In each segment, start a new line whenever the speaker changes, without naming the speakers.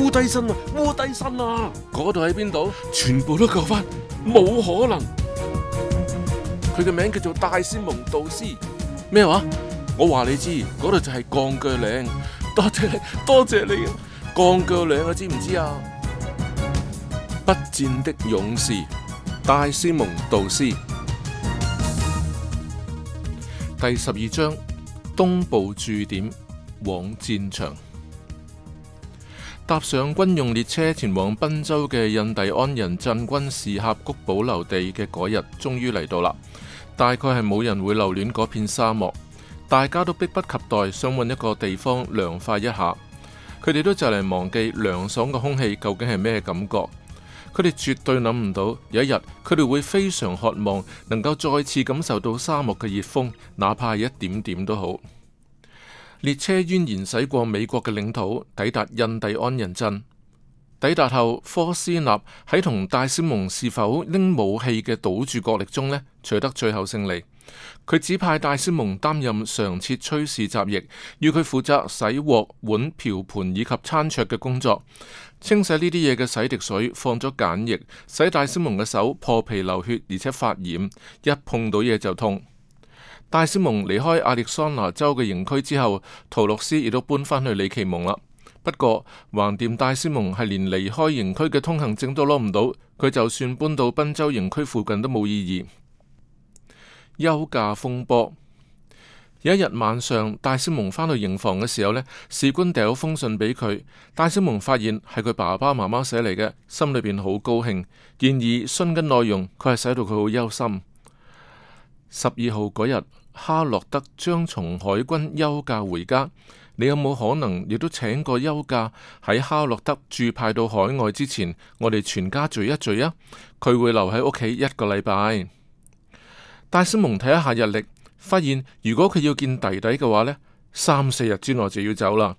烏低身啊，烏低身啊！嗰度喺邊度？全部都救翻，冇可能。佢嘅名叫做戴斯蒙道斯，咩話麼？我話你知，嗰度就係鋼鋸嶺。多謝你，多謝你。鋼鋸嶺啊，知唔知啊？不戰的勇士，戴斯蒙道斯。第十二章：東部駐點往戰場。搭上軍用列車前往賓州嘅印第安人鎮軍事峽谷保留地嘅嗰日，終於嚟到啦。大概係冇人會留戀嗰片沙漠，大家都迫不及待想搵一個地方涼快一下。佢哋都就嚟忘記涼爽嘅空氣究竟係咩感覺。佢哋絕對諗唔到有一日，佢哋會非常渴望能夠再次感受到沙漠嘅熱風，哪怕係一點點都好。列車蜿蜒駛過美國嘅領土，抵達印第安人鎮。抵達後，科斯納喺同戴斯蒙是否拎武器嘅賭注角力中，呢取得最後勝利。佢指派戴斯蒙擔任常設炊事雜役，要佢負責洗鍋碗、瓢盆以及餐桌嘅工作。清洗呢啲嘢嘅洗滌水放咗鹼液，使戴斯蒙嘅手破皮流血，而且發炎，一碰到嘢就痛。戴斯蒙離開亞歷桑拿州嘅營區之後，陶洛斯亦都搬翻去里奇蒙啦。不過，橫掂戴斯蒙係連離開營區嘅通行證都攞唔到，佢就算搬到賓州營區附近都冇意義。休假風波，有一日晚上，戴斯蒙翻到營房嘅時候呢，士官遞咗封信俾佢。戴斯蒙發現係佢爸爸媽媽寫嚟嘅，心裏邊好高興。然而信嘅內容佢係寫到佢好憂心。十二號嗰日。哈洛德將從海軍休假回家，你有冇可能亦都請個休假，喺哈洛德駐派到海外之前，我哋全家聚一聚啊？佢會留喺屋企一個禮拜。戴斯蒙睇一下日曆，發現如果佢要見弟弟嘅話呢，三四日之內就要走啦。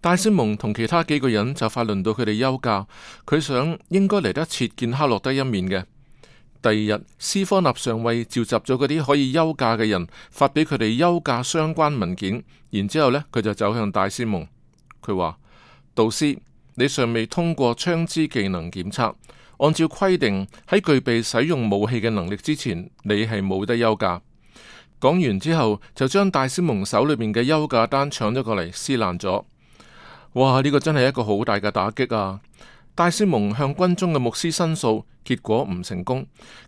戴斯蒙同其他幾個人就快輪到佢哋休假，佢想應該嚟得切，見哈洛德一面嘅。第二日，斯科納上尉召集咗嗰啲可以休假嘅人，發俾佢哋休假相關文件。然之後呢，佢就走向戴斯蒙。佢話：導師，你尚未通過槍支技能檢測，按照規定喺具備使用武器嘅能力之前，你係冇得休假。講完之後，就將戴斯蒙手裏邊嘅休假單搶咗過嚟撕爛咗。哇！呢、這個真係一個好大嘅打擊啊！戴斯蒙向軍中嘅牧師申訴，結果唔成功。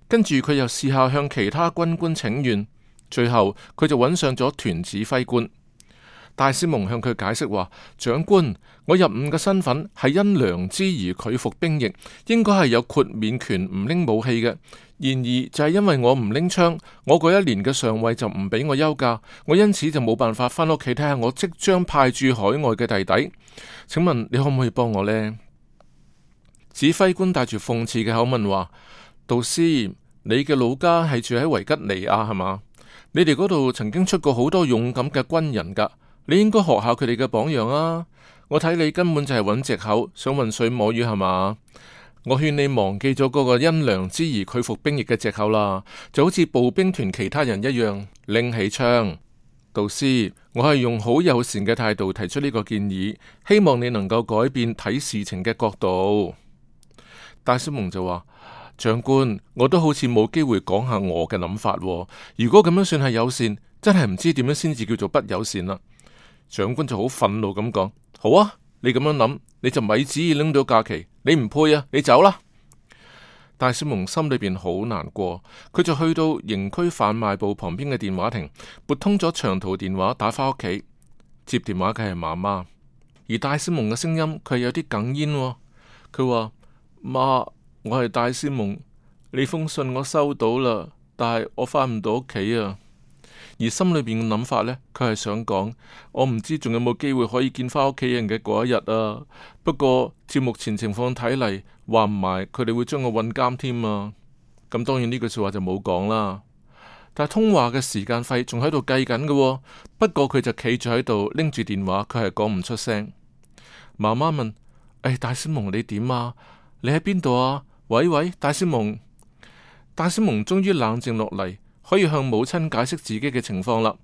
跟住佢又試下向其他軍官請願，最後佢就揾上咗團指揮官。戴斯蒙向佢解釋話：「長官，我入伍嘅身份係因良知而拒服兵役，應該係有豁免權，唔拎武器嘅。然而就係因為我唔拎槍，我嗰一年嘅上位就唔俾我休假，我因此就冇辦法翻屋企睇下我即將派駐海外嘅弟弟。請問你可唔可以幫我呢？」指揮官帶住諷刺嘅口吻話：杜斯，你嘅老家係住喺維吉尼亞係嘛？你哋嗰度曾經出過好多勇敢嘅軍人噶，你應該學下佢哋嘅榜樣啊！我睇你根本就係揾藉口，想渾水摸魚係嘛？我勸你忘記咗嗰個因良知而拒服兵役嘅藉口啦，就好似步兵團其他人一樣，拎起槍。杜斯，我係用好友善嘅態度提出呢個建議，希望你能夠改變睇事情嘅角度。戴斯蒙就話：「長官，我都好似冇機會講下我嘅諗法喎。如果咁樣算係友善，真係唔知點樣先至叫做不友善啦」。長官就好憤怒咁講：「好啊，你咁樣諗，你就咪旨意拎到假期，你唔配啊，你走啦！」戴斯蒙心裏邊好難過，佢就去到營區販賣部旁邊嘅電話亭，撥通咗長途電話打返屋企。接電話嘅係媽媽，而戴斯蒙嘅聲音佢有啲哽咽。佢話。媽，我係戴斯蒙，你封信我收到啦，但係我翻唔到屋企啊。而心裏邊嘅諗法呢，佢係想講，我唔知仲有冇機會可以見翻屋企人嘅嗰一日啊。不過照目前情況睇嚟，話唔埋佢哋會將我揾監添啊。咁、嗯、當然呢句說話就冇講啦。但係通話嘅時間費仲喺度計緊嘅。不過佢就企住喺度拎住電話，佢係講唔出聲。媽媽問：唉、哎，戴斯蒙你點啊？你喺邊度啊？喂喂，戴斯蒙，戴斯蒙終於冷靜落嚟，可以向母親解釋自己嘅情況啦。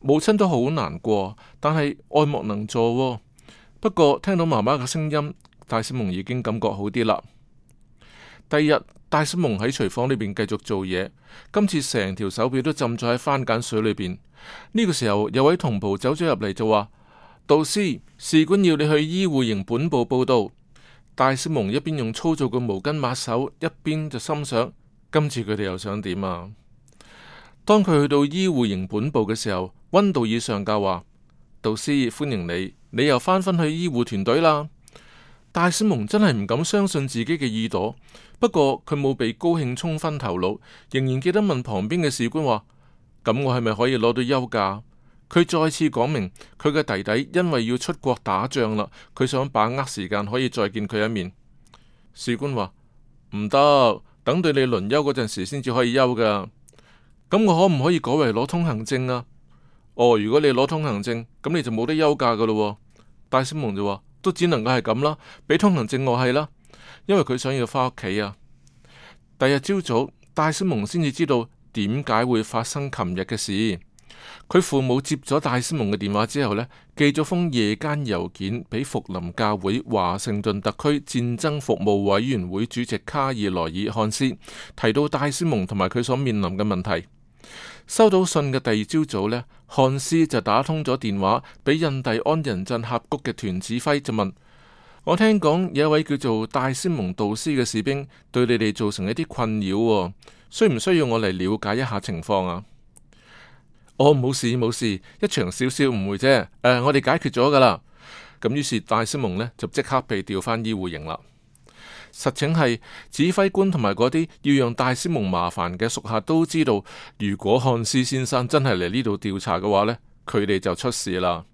母親都好難過，但係愛莫能助、哦。不過聽到媽媽嘅聲音，戴斯蒙已經感覺好啲啦。第二日，戴斯蒙喺廚房裏邊繼續做嘢，今次成條手錶都浸咗喺番鹼水裏邊。呢、這個時候，有位同袍走咗入嚟就話：杜斯，士官要你去醫護營本部報道。戴斯蒙一邊用粗糙嘅毛巾抹手，一邊就心想：今次佢哋又想點啊？當佢去到醫護營本部嘅時候，溫道爾上校話：杜斯歡迎你，你又翻返去醫護團隊啦。戴斯蒙真係唔敢相信自己嘅耳朵，不過佢冇被高興沖昏頭腦，仍然記得問旁邊嘅士官話：咁我係咪可以攞到休假？佢再次講明，佢嘅弟弟因為要出國打仗啦，佢想把握時間可以再見佢一面。士官話唔得，等到你輪休嗰陣時先至可以休噶。咁我可唔可以改為攞通行證啊？哦，如果你攞通行證，咁你就冇得休假噶咯。戴斯蒙就話都只能夠係咁啦，俾通行證我係啦，因為佢想要翻屋企啊。第日朝早，戴斯蒙先至知道點解會發生琴日嘅事。佢父母接咗戴斯蒙嘅電話之後咧，寄咗封夜間郵件俾福林教會華盛頓特區戰爭服務委員會主席卡爾萊爾漢斯，提到戴斯蒙同埋佢所面臨嘅問題。收到信嘅第二朝早咧，漢斯就打通咗電話俾印第安人鎮峽谷嘅團指揮，就問：我聽講有一位叫做戴斯蒙杜斯嘅士兵，對你哋造成一啲困擾，需唔需要我嚟了解一下情況啊？我冇事、哦、冇事，一場少少誤會啫。誒、呃，我哋解決咗噶啦。咁於是戴斯蒙呢，就即刻被調返醫護營啦。實情係指揮官同埋嗰啲要用戴斯蒙麻煩嘅屬下都知道，如果漢斯先生真係嚟呢度調查嘅話呢，佢哋就出事啦。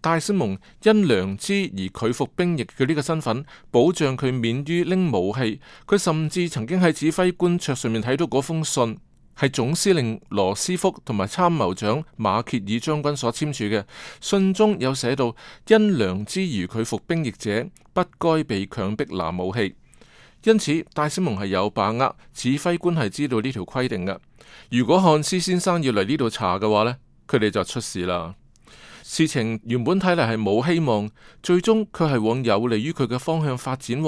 戴斯蒙因良知而拒服兵役，佢呢個身份保障佢免於拎武器。佢甚至曾經喺指揮官桌上面睇到嗰封信。係總司令羅斯福同埋參謀長馬歇爾將軍所簽署嘅信中有寫到，因良知而拒佢服兵役者，不該被強迫拿武器。因此戴斯蒙係有把握，指揮官係知道呢條規定嘅。如果漢斯先生要嚟呢度查嘅話呢，佢哋就出事啦。事情原本睇嚟係冇希望，最終佢係往有利於佢嘅方向發展。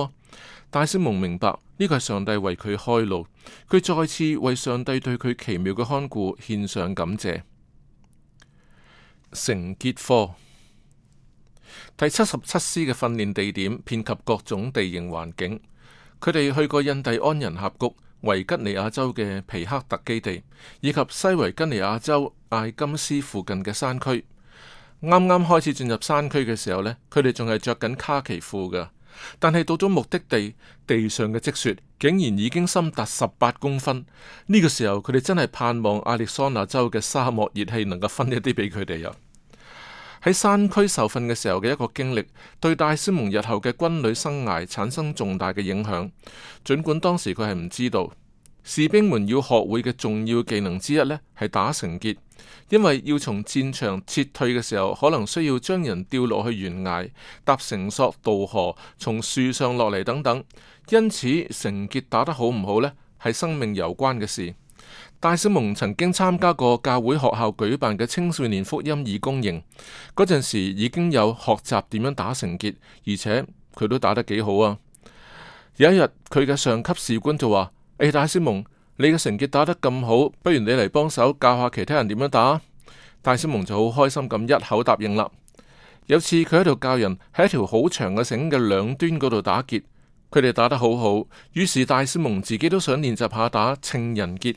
戴斯蒙明白呢個係上帝為佢開路，佢再次為上帝對佢奇妙嘅看顧獻上感謝。成杰科第七十七師嘅訓練地點遍及各種地形環境，佢哋去過印第安人峽谷、維吉尼亞州嘅皮克特基地，以及西維吉尼亞州艾金斯附近嘅山區。啱啱開始進入山區嘅時候呢，佢哋仲係着緊卡其褲噶。但係到咗目的地，地上嘅積雪竟然已經深達十八公分。呢個時候，佢哋真係盼望亞利桑那州嘅沙漠熱氣能夠分一啲俾佢哋啊！喺山區受訓嘅時候嘅一個經歷，對戴斯蒙日後嘅軍旅生涯產生重大嘅影響，盡管當時佢係唔知道。士兵們要學會嘅重要技能之一呢，係打繩結，因為要從戰場撤退嘅時候，可能需要將人吊落去懸崖、搭繩索渡河、從樹上落嚟等等。因此，繩結打得好唔好呢？係生命攸關嘅事。戴斯蒙曾經參加過教會學校舉辦嘅青少年福音義工營，嗰陣時已經有學習點樣打繩結，而且佢都打得幾好啊。有一日，佢嘅上級士官就話：誒、欸，戴斯蒙，你嘅繩結打得咁好，不如你嚟幫手教下其他人點樣打啊。戴斯蒙就好開心咁一口答應啦。有次佢喺度教人喺一條好長嘅繩嘅兩端嗰度打結，佢哋打得好好，於是戴斯蒙自己都想練習下打情人結。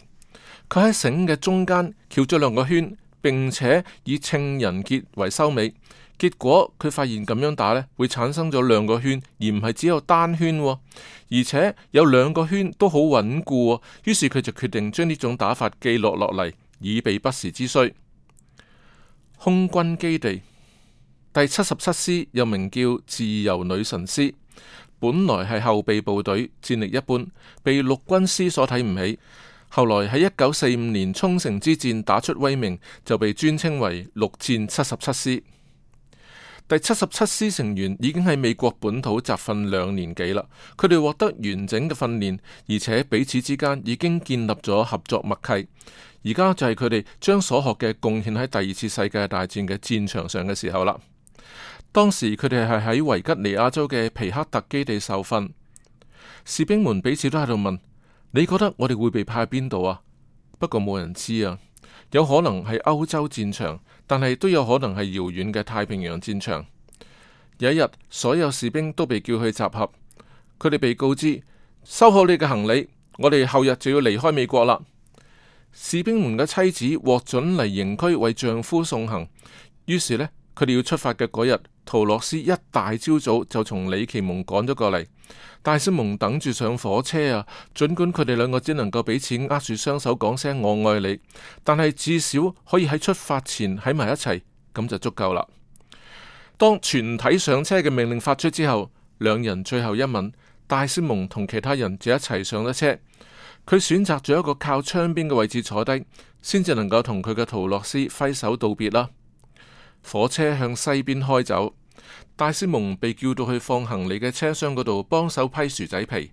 佢喺繩嘅中間翹咗兩個圈，並且以情人結為收尾。結果佢發現咁樣打呢，會產生咗兩個圈，而唔係只有單圈，而且有兩個圈都好穩固。於是佢就決定將呢種打法記錄落嚟，以備不時之需。空軍基地第七十七師又名叫自由女神師，本來係後備部隊，戰力一般，被陸軍師所睇唔起。後來喺一九四五年沖繩之戰打出威名，就被尊稱為陸戰七十七師。第七十七師成員已經喺美國本土集訓兩年幾啦，佢哋獲得完整嘅訓練，而且彼此之間已經建立咗合作默契。而家就係佢哋將所學嘅貢獻喺第二次世界大戰嘅戰場上嘅時候啦。當時佢哋係喺維吉尼亞州嘅皮克特基地受訓，士兵們彼此都喺度問：你覺得我哋會被派去邊度啊？不過冇人知啊。有可能係歐洲戰場，但係都有可能係遙遠嘅太平洋戰場。有一日，所有士兵都被叫去集合，佢哋被告知收好你嘅行李，我哋後日就要離開美國啦。士兵們嘅妻子獲准嚟營區為丈夫送行，於是呢，佢哋要出發嘅嗰日。陶洛斯一大朝早就從李奇蒙趕咗過嚟，戴斯蒙等住上火車啊！儘管佢哋兩個只能夠俾錢握住雙手講聲我愛你，但係至少可以喺出發前喺埋一齊，咁就足夠啦。當全體上車嘅命令發出之後，兩人最後一吻，戴斯蒙同其他人就一齊上咗車。佢選擇咗一個靠窗邊嘅位置坐低，先至能夠同佢嘅陶洛斯揮手道別啦。火車向西邊開走。戴斯蒙被叫到去放行李嘅車廂嗰度幫手批薯仔皮，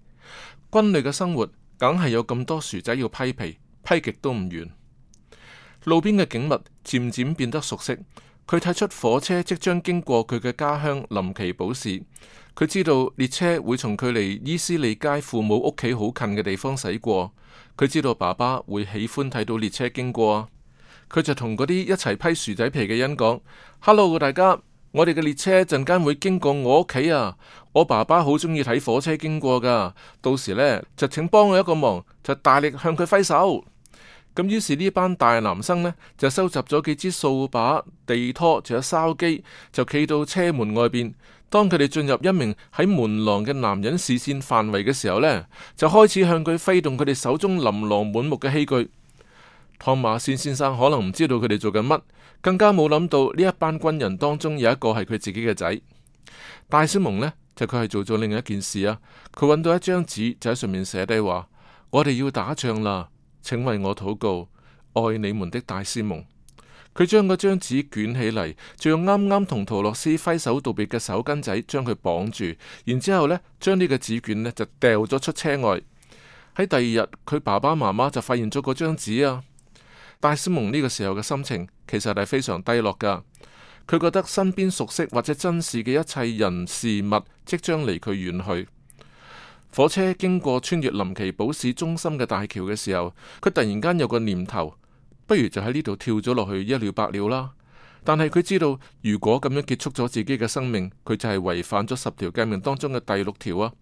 軍旅嘅生活梗係有咁多薯仔要批皮，批極都唔完。路邊嘅景物漸漸變得熟悉，佢睇出火車即將經過佢嘅家鄉林奇堡市，佢知道列車會從距離伊斯利街父母屋企好近嘅地方駛過，佢知道爸爸會喜歡睇到列車經過，佢就同嗰啲一齊批薯仔皮嘅人講：Hello，大家。我哋嘅列車一陣間會經過我屋企啊！我爸爸好中意睇火車經過噶，到時呢，就請幫我一個忙，就大力向佢揮手。咁於是呢班大男生呢，就收集咗幾支掃把、地拖仲有筲箕，就企到車門外邊。當佢哋進入一名喺門廊嘅男人視線範圍嘅時候呢，就開始向佢揮動佢哋手中琳琅滿目嘅器具。托馬斯先生可能唔知道佢哋做緊乜，更加冇諗到呢一班軍人當中有一個係佢自己嘅仔。戴斯蒙呢就佢係做咗另一件事啊！佢揾到一張紙就喺上面寫低話：我哋要打仗啦，請為我禱告，愛你們的戴斯蒙。佢將嗰張紙捲起嚟，就用啱啱同托洛斯揮手道別嘅手巾仔將佢綁住，然之後呢將呢個紙卷呢就掉咗出車外。喺第二日，佢爸爸媽媽就發現咗嗰張紙啊！戴斯蒙呢個時候嘅心情其實係非常低落噶，佢覺得身邊熟悉或者珍視嘅一切人事物即將離佢遠去。火車經過穿越林奇堡市中心嘅大橋嘅時候，佢突然間有個念頭，不如就喺呢度跳咗落去，一了百了啦。但係佢知道，如果咁樣結束咗自己嘅生命，佢就係違反咗十條誡命當中嘅第六條啊。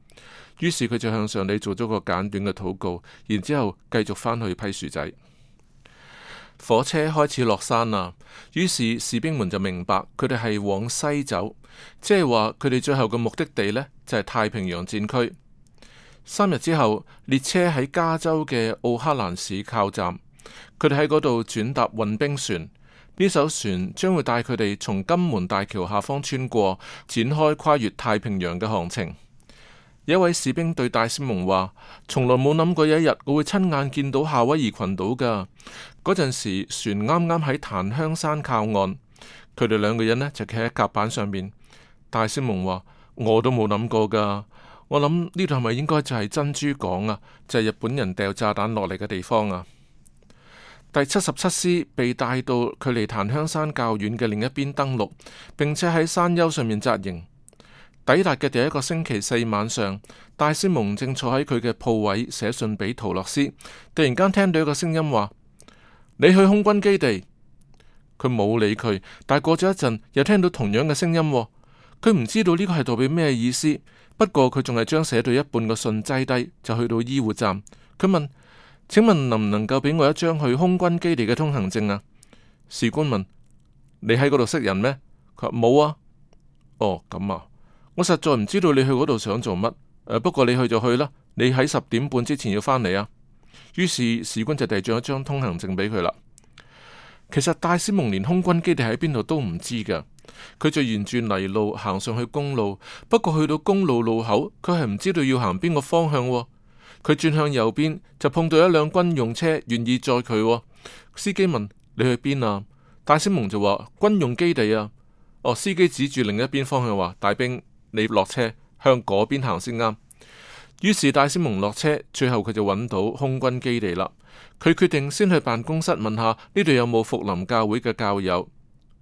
於是佢就向上帝做咗個簡短嘅禱告，然之後繼續返去批薯仔。火車開始落山啦，於是士兵們就明白佢哋係往西走，即係話佢哋最後嘅目的地呢就係太平洋戰區。三日之後，列車喺加州嘅奧克蘭市靠站，佢哋喺嗰度轉搭運兵船，呢艘船將會帶佢哋從金門大橋下方穿過，展開跨越太平洋嘅航程。有一位士兵對戴斯蒙話：從來冇諗過有一日我會親眼見到夏威夷群島噶。嗰陣時，船啱啱喺檀香山靠岸，佢哋兩個人呢就企喺甲板上面。戴斯蒙話：我都冇諗過噶，我諗呢度係咪應該就係珍珠港啊？就係、是、日本人掉炸彈落嚟嘅地方啊！第七十七師被帶到距離檀香山較遠嘅另一邊登陸，並且喺山丘上面紮營。抵達嘅第一個星期四晚上，戴斯蒙正坐喺佢嘅鋪位寫信俾陶樂斯，突然間聽到一個聲音話。你去空軍基地，佢冇理佢，但係過咗一陣又聽到同樣嘅聲音，佢唔知道呢個係代表咩意思。不過佢仲係將寫到一半嘅信擠低，就去到醫護站。佢問：請問能唔能夠俾我一張去空軍基地嘅通行證啊？士官問：你喺嗰度識人咩？佢話冇啊。哦咁啊，我實在唔知道你去嗰度想做乜。不過你去就去啦，你喺十點半之前要返嚟啊。於是士官就遞咗一張通行證俾佢啦。其實戴斯蒙連空軍基地喺邊度都唔知噶，佢就沿住泥路行上去公路。不過去到公路路口，佢係唔知道要行邊個方向喎。佢轉向右邊就碰到一輛軍用車，願意載佢喎。司機問：你去邊啊？戴斯蒙就話：軍用基地啊！哦，司機指住另一邊方向話：大兵，你落車向嗰邊行先啱。於是戴斯蒙落車，最後佢就揾到空軍基地啦。佢決定先去辦公室問下呢度有冇福臨教會嘅教友。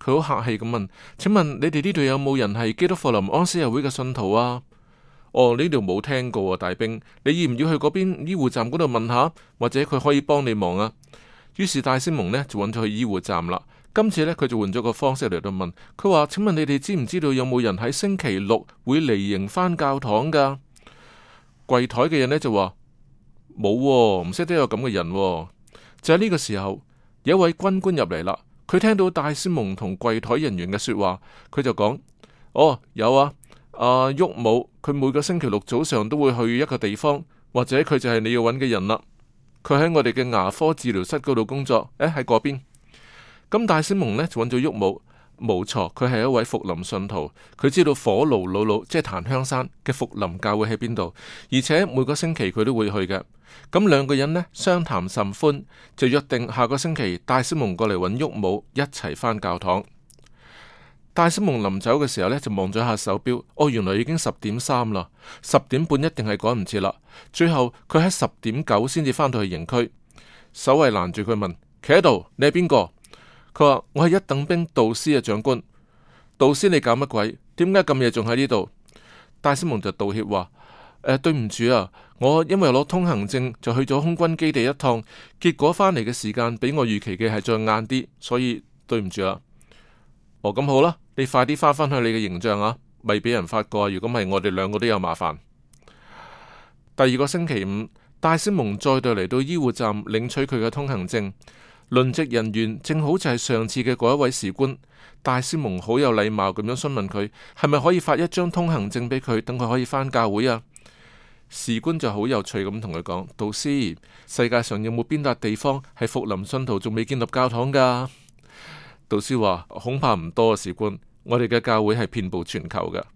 佢好客氣咁問：請問你哋呢度有冇人係基督福臨安息日會嘅信徒啊？哦，呢度冇聽過啊，大兵，你要唔要去嗰邊醫護站嗰度問下，或者佢可以幫你忙啊？於是戴斯蒙呢就揾咗去醫護站啦。今次呢，佢就換咗個方式嚟到問，佢話：請問你哋知唔知道有冇人喺星期六會離營返教堂噶？櫃台嘅人呢，就話冇唔識得有咁嘅人喎。就喺呢個時候，有一位軍官入嚟啦。佢聽到戴斯蒙同櫃台人員嘅說話，佢就講：哦，有啊，阿郁武佢每個星期六早上都會去一個地方，或者佢就係你要揾嘅人啦。佢喺我哋嘅牙科治療室嗰度工作，誒喺嗰邊。咁戴斯蒙呢，就揾咗郁武。冇錯，佢係一位復臨信徒，佢知道火奴魯魯即係檀香山嘅復臨教會喺邊度，而且每個星期佢都會去嘅。咁兩個人呢，相談甚歡，就約定下個星期戴斯蒙過嚟揾郁武一齊翻教堂。戴斯蒙臨走嘅時候呢，就望咗下手錶，哦，原來已經十點三啦，十點半一定係趕唔切啦。最後佢喺十點九先至返到去營區，守衛攔住佢問：「企喺度，你係邊個？佢話：我係一等兵，導師嘅長官，導師，你搞乜鬼？點解咁夜仲喺呢度？戴斯蒙就道歉話：誒、呃，對唔住啊，我因為攞通行證就去咗空軍基地一趟，結果返嚟嘅時間比我預期嘅係再晏啲，所以對唔住啊。哦，咁好啦，你快啲返返去你嘅營帳啊，咪俾人發覺，如果唔係我哋兩個都有麻煩。第二個星期五，戴斯蒙再度嚟到醫護站領取佢嘅通行證。輪值人員正好就係上次嘅嗰一位士官，戴斯蒙好有禮貌咁樣詢問佢係咪可以發一張通行證俾佢，等佢可以返教會啊？士官就好有趣咁同佢講：導師，世界上有冇邊笪地方係復臨信徒仲未建立教堂噶？導師話：恐怕唔多啊！士官，我哋嘅教會係遍布全球噶。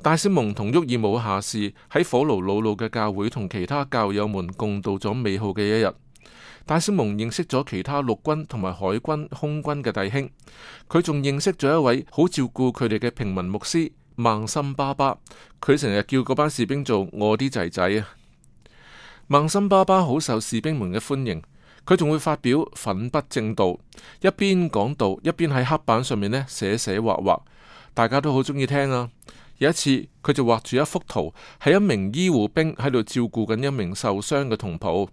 戴斯蒙同沃爾姆下士喺火爐老老嘅教會同其他教友們共度咗美好嘅一日。戴斯蒙認識咗其他陸軍同埋海軍空軍嘅弟兄，佢仲認識咗一位好照顧佢哋嘅平民牧師孟森巴巴。佢成日叫嗰班士兵做我啲仔仔啊！孟森巴巴好受士兵們嘅歡迎，佢仲會發表粉筆正道，一邊講道一邊喺黑板上面咧寫寫畫畫，大家都好中意聽啊！有一次，佢就畫住一幅圖，係一名醫護兵喺度照顧緊一名受傷嘅同袍，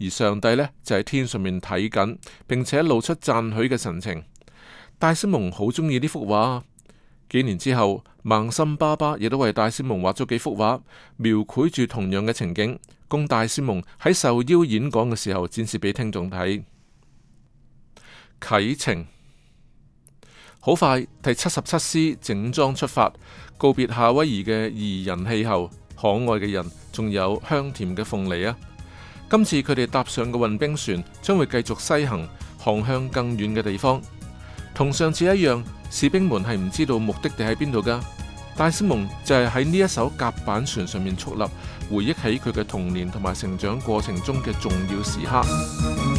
而上帝呢，就喺天上面睇緊，並且露出讚許嘅神情。戴斯蒙好中意呢幅畫。幾年之後，孟森爸爸亦都為戴斯蒙畫咗幾幅畫，描繪住同樣嘅情景，供戴斯蒙喺受邀演講嘅時候展示俾聽眾睇。啟程。好快，第七十七師整裝出發，告別夏威夷嘅宜人氣候、可愛嘅人，仲有香甜嘅鳳梨啊！今次佢哋搭上嘅運兵船將會繼續西行，航向更遠嘅地方。同上次一樣，士兵們係唔知道目的地喺邊度噶。戴斯蒙就係喺呢一艘甲板船上面矗立，回憶起佢嘅童年同埋成長過程中嘅重要時刻。